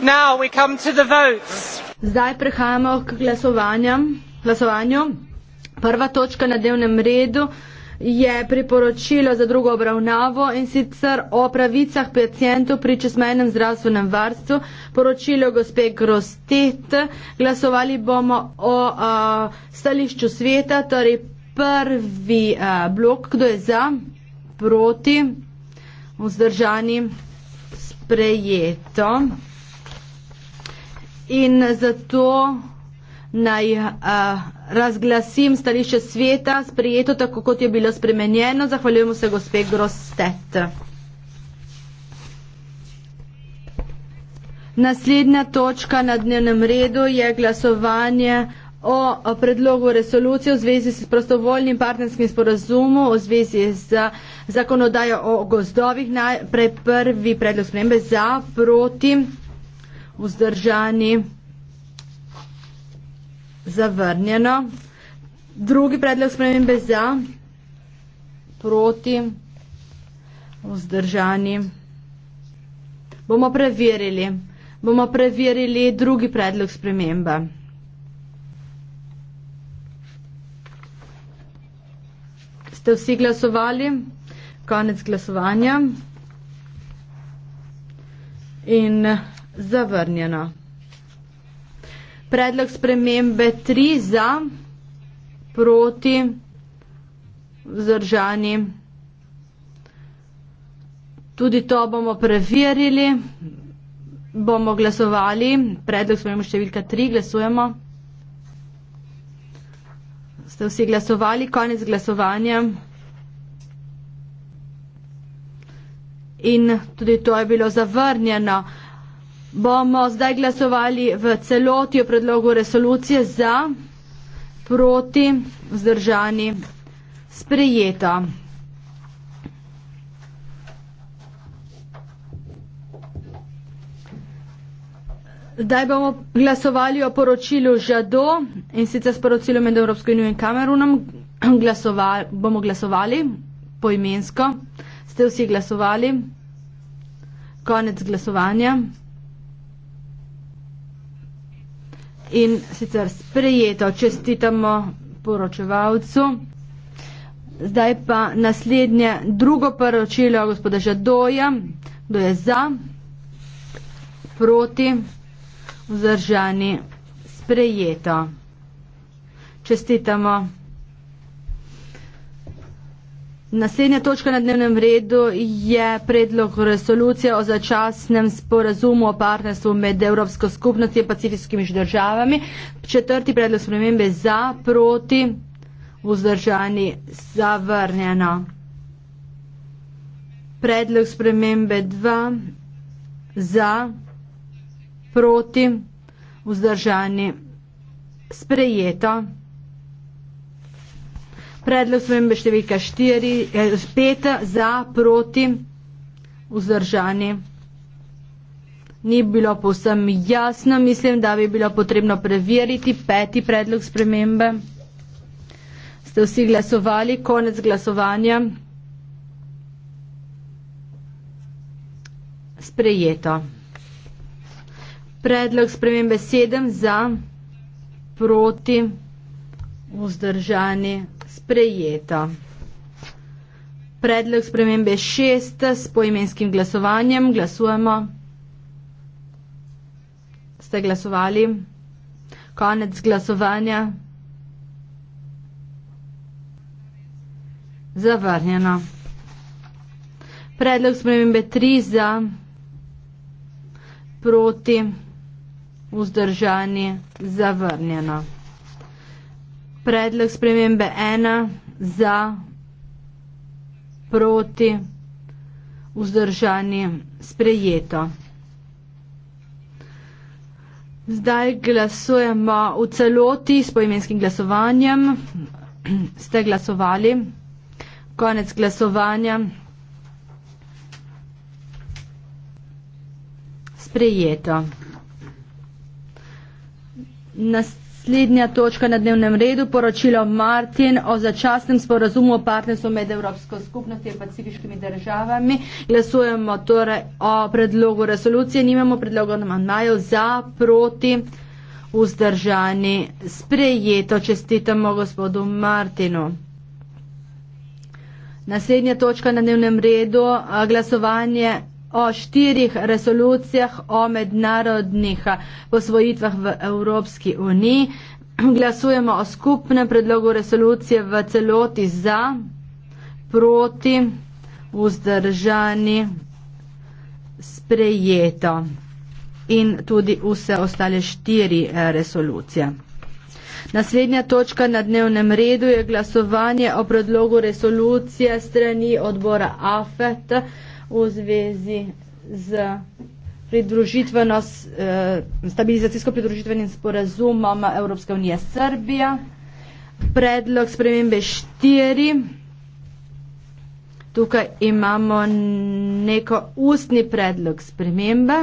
Now we come to the votes. Zdaj prehajamo k glasovanju. Prva točka na dnevnem redu je priporočilo za drugo obravnavo in sicer o pravicah pacijentov pri česmenem zdravstvenem varstvu. Poročilo gospe Grostet. Glasovali bomo o a, stališču sveta, torej prvi a, blok, kdo je za, proti, vzdržani, sprejeto in zato naj uh, razglasim stališče sveta, sprijeto tako, kot je bilo spremenjeno. Zahvaljujemo se gospe Grostet. Naslednja točka na dnevnem redu je glasovanje o predlogu resolucije v zvezi s prostovoljnim partnerskim sporozumom v zvezi z zakonodajo o gozdovih. Najprej prvi predlog spremembe za proti vzdržani, zavrnjeno. Drugi predlog spremembe za, proti, vzdržani. Bomo preverili, bomo preverili drugi predlog spremembe. Ste vsi glasovali? Konec glasovanja. In zavrnjeno. Predlog spremembe 3 za, proti, vzdržani. Tudi to bomo preverili, bomo glasovali. Predlog spremembe številka 3 glasujemo. Ste vsi glasovali, konec glasovanja. In tudi to je bilo zavrnjeno bomo zdaj glasovali v celoti o predlogu resolucije za, proti, vzdržani, sprejeta. Zdaj bomo glasovali o poročilu ŽADO in sicer s poročilom med Evropsko unijo in Kamerunom. Glasovali, bomo glasovali poimensko. Ste vsi glasovali? Konec glasovanja. in sicer sprejeto čestitamo poročevalcu. Zdaj pa naslednje drugo poročilo gospoda Žadoja, kdo je za, proti, vzdržani, sprejeto. Čestitamo. Naslednja točka na dnevnem redu je predlog resolucije o začasnem sporazumu o partnerstvu med Evropsko skupnostjo in pacifijskimi državami. Četrti predlog spremembe za, proti, vzdržani, zavrnjeno. Predlog spremembe 2 za, proti, vzdržani, sprejeto. Predlog spremembe številka 4, 5 eh, za, proti, vzdržani. Ni bilo povsem jasno, mislim, da bi bilo potrebno preveriti peti predlog spremembe. Ste vsi glasovali, konec glasovanja. Sprejeto. Predlog spremembe 7 za, proti, vzdržani sprejeta. Predlog spremembe šest s poimenskim glasovanjem. Glasujemo. Ste glasovali? Konec glasovanja. Zavrnjeno. Predlog spremembe tri za proti vzdržanje zavrnjeno predlog spremembe ena za, proti, vzdržani, sprejeto. Zdaj glasujemo v celoti s poimenskim glasovanjem. Ste glasovali? Konec glasovanja. Sprejeto. Nas naslednja točka na dnevnem redu, poročilo Martin o začasnem sporazumu o partnerstvu med Evropsko skupnostjo in pacifiškimi državami. Glasujemo torej o predlogu resolucije, nimamo predlogo na manjajo za, proti, vzdržani. Sprejeto, čestitamo gospodu Martinu. Naslednja točka na dnevnem redu, glasovanje o štirih resolucijah o mednarodnih posvojitvah v Evropski uniji. Glasujemo o skupnem predlogu resolucije v celoti za, proti, vzdržani, sprejeto in tudi vse ostale štiri eh, resolucije. Naslednja točka na dnevnem redu je glasovanje o predlogu resolucije strani odbora AFET v zvezi z pridružitveno, eh, stabilizacijsko pridružitvenim sporazumom Evropske unije Srbija. Predlog spremembe 4. Tukaj imamo neko ustni predlog spremembe.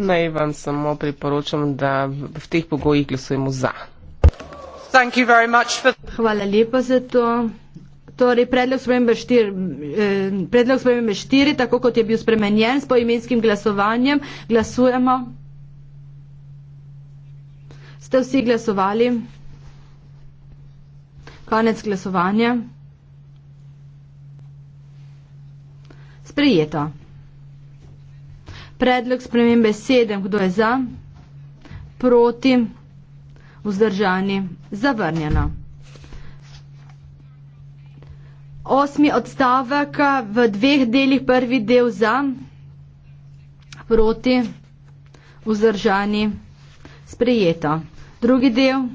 Naj vam samo priporočam, da v teh pogojih glasujemo za. Hvala lepa za to. Torej, predlog spremembe 4, eh, tako kot je bil spremenjen s poimenskim glasovanjem, glasujemo. Ste vsi glasovali? Konec glasovanja. Sprijeto. Predlog spremembe 7, kdo je za? Proti? Vzdržani? Zavrnjeno. Osmi odstavek eh, v dveh delih prvi del za, proti, vzdržani, sprejeto. Drugi del,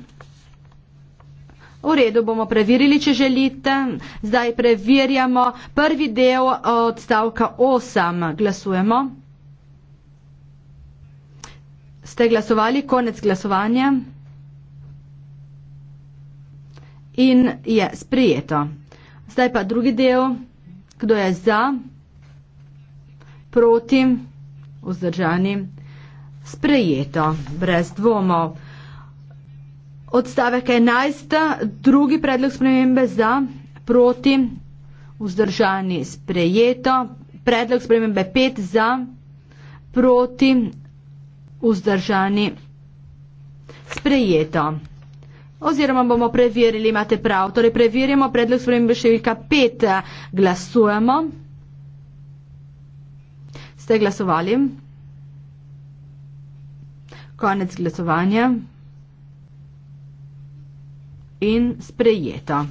v redu bomo preverili, če želite. Zdaj preverjamo prvi del eh, odstavka 8. Glasujemo ste glasovali konec glasovanja in je sprijeto. Zdaj pa drugi del, kdo je za, proti, vzdržani, sprijeto, brez dvomo. Odstavek 11, drugi predlog spremembe za, proti, vzdržani, sprijeto, predlog spremembe 5 za, proti, vzdržani. Sprejeto. Oziroma bomo preverili, imate prav. Torej preverjamo predlog spremembe številka 5. Glasujemo. Ste glasovali? Konec glasovanja. In sprejeto.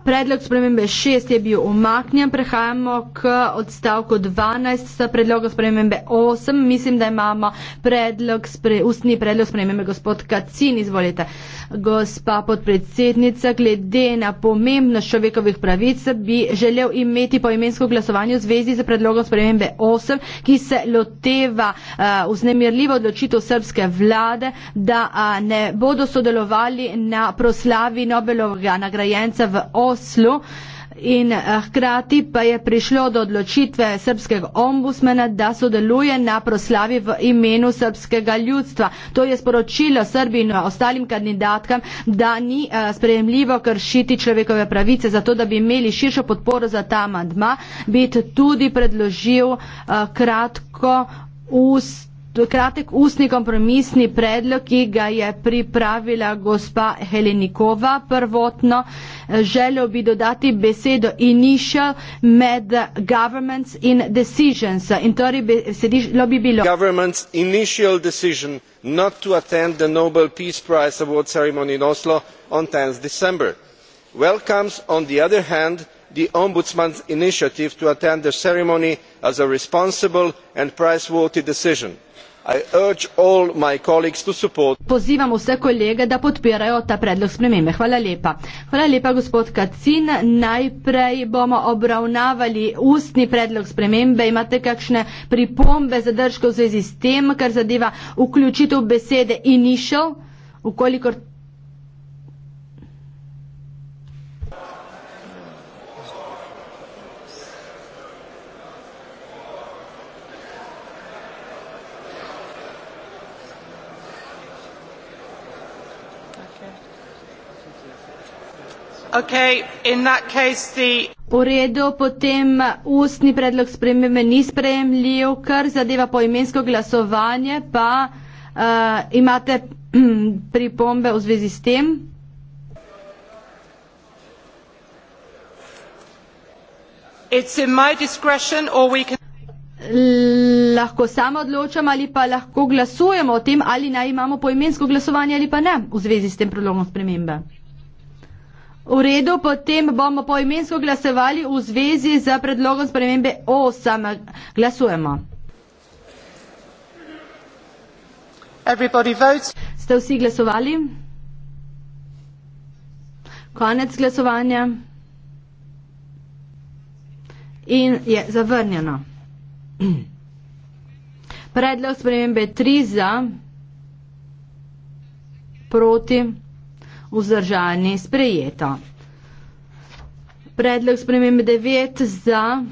Predlog spremembe 6 je bil omaknjen, prehajamo k odstavku 12 sa predloga spremembe 8. Mislim, da imamo predlog spre, ustni predlog spremembe gospod Kacin, izvolite. Gospa podpredsednica, glede na pomembnost človekovih pravic, bi želel imeti poimensko glasovanje v zvezi z predlogom spremembe 8, ki se loteva uh, vznemirljivo odločitev srpske vlade, da uh, ne bodo sodelovali na proslavi Nobelovega nagrajenca v 8. Oslu. In eh, hkrati pa je prišlo do odločitve srpskega ombusmena, da sodeluje na proslavi v imenu srpskega ljudstva. To je sporočilo Srbiji in ostalim kandidatkam, da ni eh, sprejemljivo kršiti človekove pravice, zato da bi imeli širšo podporo za ta mandma, biti tudi predložil eh, kratko ust To je kratek ustni kompromisni predlog, ki ga je pripravila gospa Helenikova prvotno. Eh, želel bi dodati besedo initial med governments in decisions. In torej besedilo bi bilo. Governments initial decision not to attend the Nobel Peace Prize award ceremony in Oslo on 10 December. Welcomes on the other hand the ombudsman's initiative to attend the ceremony as a responsible and praiseworthy decision. i urge all my colleagues to support. pozivam vse kolege da podpirajo ta predlog spremembe. hvala lepa. hvala lepa gospod kacin. najprej bomo obravnavali ustni predlog spremembe. imate kakšne pripombe zadržke v zvezi s tem kar zadeva vključitev besede initial? ukolikor Okay, in that case the... Po redu, potem ustni predlog spremembe ni sprejemljiv, kar zadeva poimensko glasovanje, pa uh, imate pripombe v zvezi s tem. It's in my discretion or we can... Lahko samo odločam ali pa lahko glasujemo o tem, ali naj imamo poimensko glasovanje ali pa ne v zvezi s tem predlogom spremembe. V redu, potem bomo poimensko glasovali v zvezi z predlogom spremembe 8. Glasujemo. Ste vsi glasovali? Konec glasovanja. In je zavrnjeno. Predlog spremembe 3 za proti vzdržani sprejeto. Predlog spremem 9 za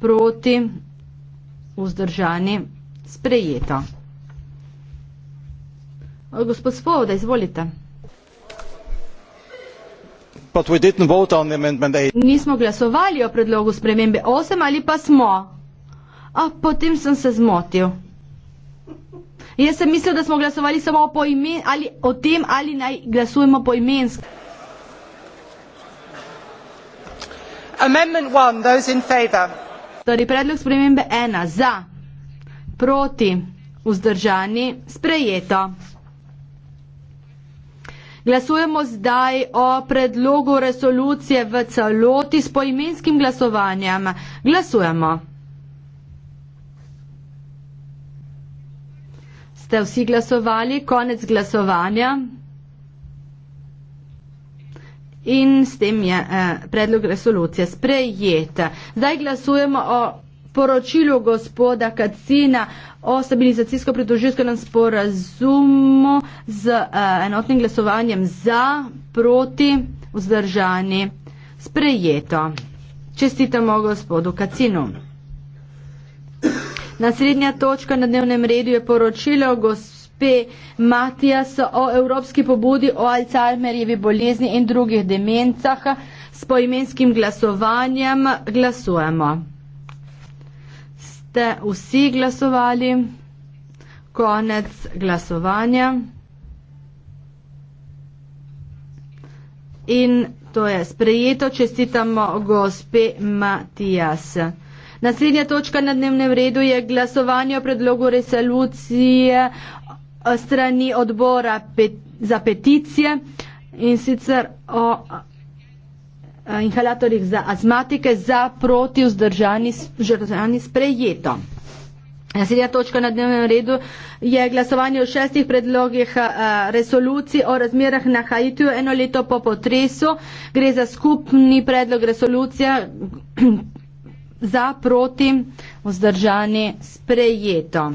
proti vzdržani sprejeto. Gospod Svoboda, izvolite. Nismo glasovali o predlogu spremembe 8 ali pa smo. A potem sem se zmotil. Jaz sem mislil, da smo glasovali samo o, imen, ali, o tem, ali naj glasujemo po imensk. Amendment one, those in favor. Torej, predlog spremembe ena za, proti, vzdržani, sprejeto. Glasujemo zdaj o predlogu resolucije v celoti s poimenskim glasovanjem. Glasujemo. Ste vsi glasovali? Konec glasovanja. In s tem je eh, predlog resolucije sprejet. Zdaj glasujemo o poročilu gospoda Kacina o stabilizacijsko-pridružitvenem sporazumu z eh, enotnim glasovanjem za, proti, vzdržani. Sprejeto. Čestitamo gospodu Kacinu. Naslednja točka na dnevnem redu je poročilo gospe Matijas o evropski pobudi o Alzheimerjevi bolezni in drugih demencah s poimenskim glasovanjem. Glasujemo. Ste vsi glasovali? Konec glasovanja. In to je sprejeto, čestitamo gospe Matijas. Naslednja točka na dnevnem redu je glasovanje o predlogu resolucije eh, strani odbora za peticije in sicer o eh, inhalatorjih za azmatike za proti vzdržani, vzdržani sprejeto. Naslednja točka na dnevnem redu je glasovanje o šestih predlogih eh, resolucij o razmerah na Haitiju eno leto po potresu. Gre za skupni predlog resolucije, za, proti, vzdržani, sprejeto.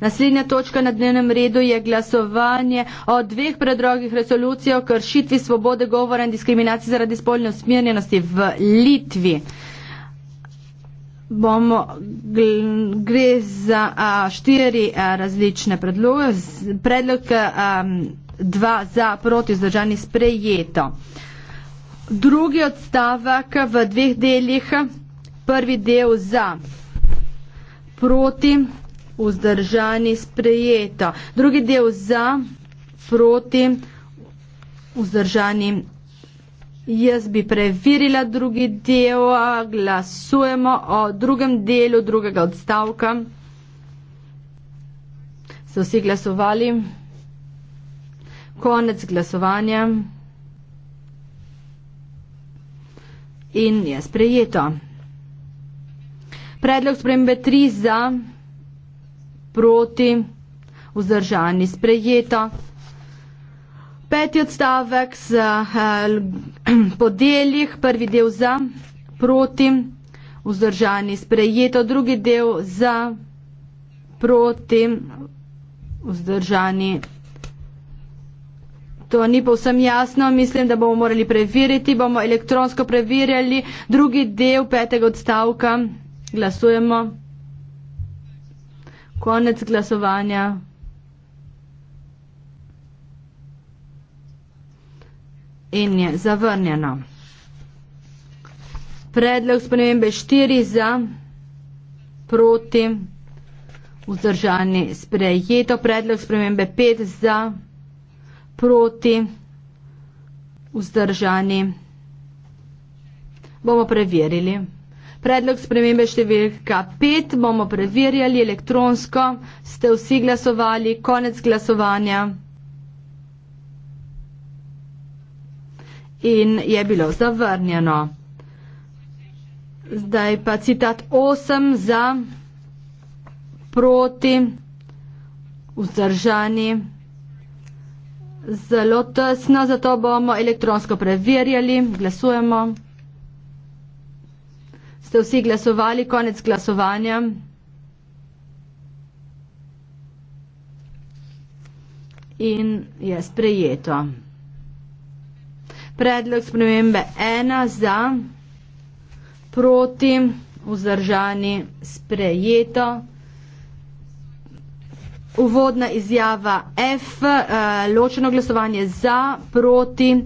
Naslednja točka na dnevnem redu je glasovanje o dveh predrogih resolucij o kršitvi svobode govora in diskriminaciji zaradi spolne usmerjenosti v Litvi. Bomo, gl, gre za a, štiri a, različne predloge. Predlog a, dva za proti vzdržani sprejeto. A, drugi odstavek v dveh delih, prvi del za, proti, vzdržani, sprejeto. Drugi del za, proti, vzdržani. Jaz bi preverila drugi del, glasujemo o drugem delu drugega odstavka. So vsi glasovali? Konec glasovanja. in je sprejeto. Predlog spremembe 3 za, proti, vzdržani sprejeto. Peti odstavek z eh, podeljih, prvi del za, proti, vzdržani sprejeto, drugi del za, proti, vzdržani sprejeto. To ni povsem jasno, mislim, da bomo morali preveriti, bomo elektronsko preverjali drugi del petega odstavka. Glasujemo. Konec glasovanja. In je zavrnjeno. Predlog spremembe 4 za, proti, vzdržani sprejeto. Predlog spremembe 5 za proti vzdržani. Bomo preverili. Predlog spremembe številka 5 bomo preverjali elektronsko. Ste vsi glasovali? Konec glasovanja. In je bilo zavrnjeno. Zdaj pa citat 8 za proti vzdržani zelo tesno, zato bomo elektronsko preverjali. Glasujemo. Ste vsi glasovali? Konec glasovanja. In je sprejeto. Predlog spremembe ena za, proti, vzdržani sprejeto uvodna izjava F, eh, ločeno glasovanje za, proti,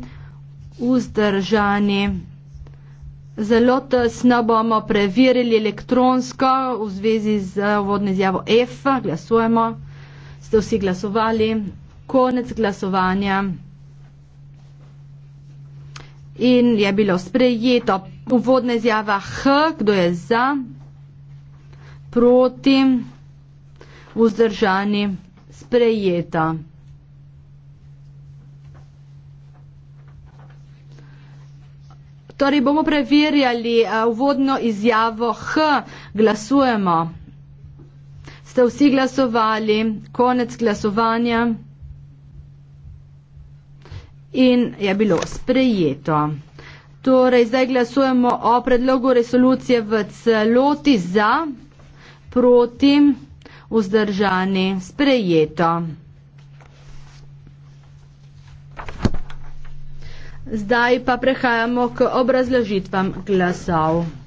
vzdržani. Zelo tesno bomo preverili elektronsko v zvezi z uvodno izjavo F. Glasujemo. Ste vsi glasovali? Konec glasovanja. In je bilo sprejeto uvodna izjava H. Kdo je za? Proti vzdržani, sprejeta. Torej bomo preverjali eh, uvodno izjavo H. Glasujemo. Ste vsi glasovali? Konec glasovanja. In je bilo sprejeto. Torej, zdaj glasujemo o predlogu resolucije v celoti za, proti vzdržani, sprejeto. Zdaj pa prehajamo k obrazložitvam glasov.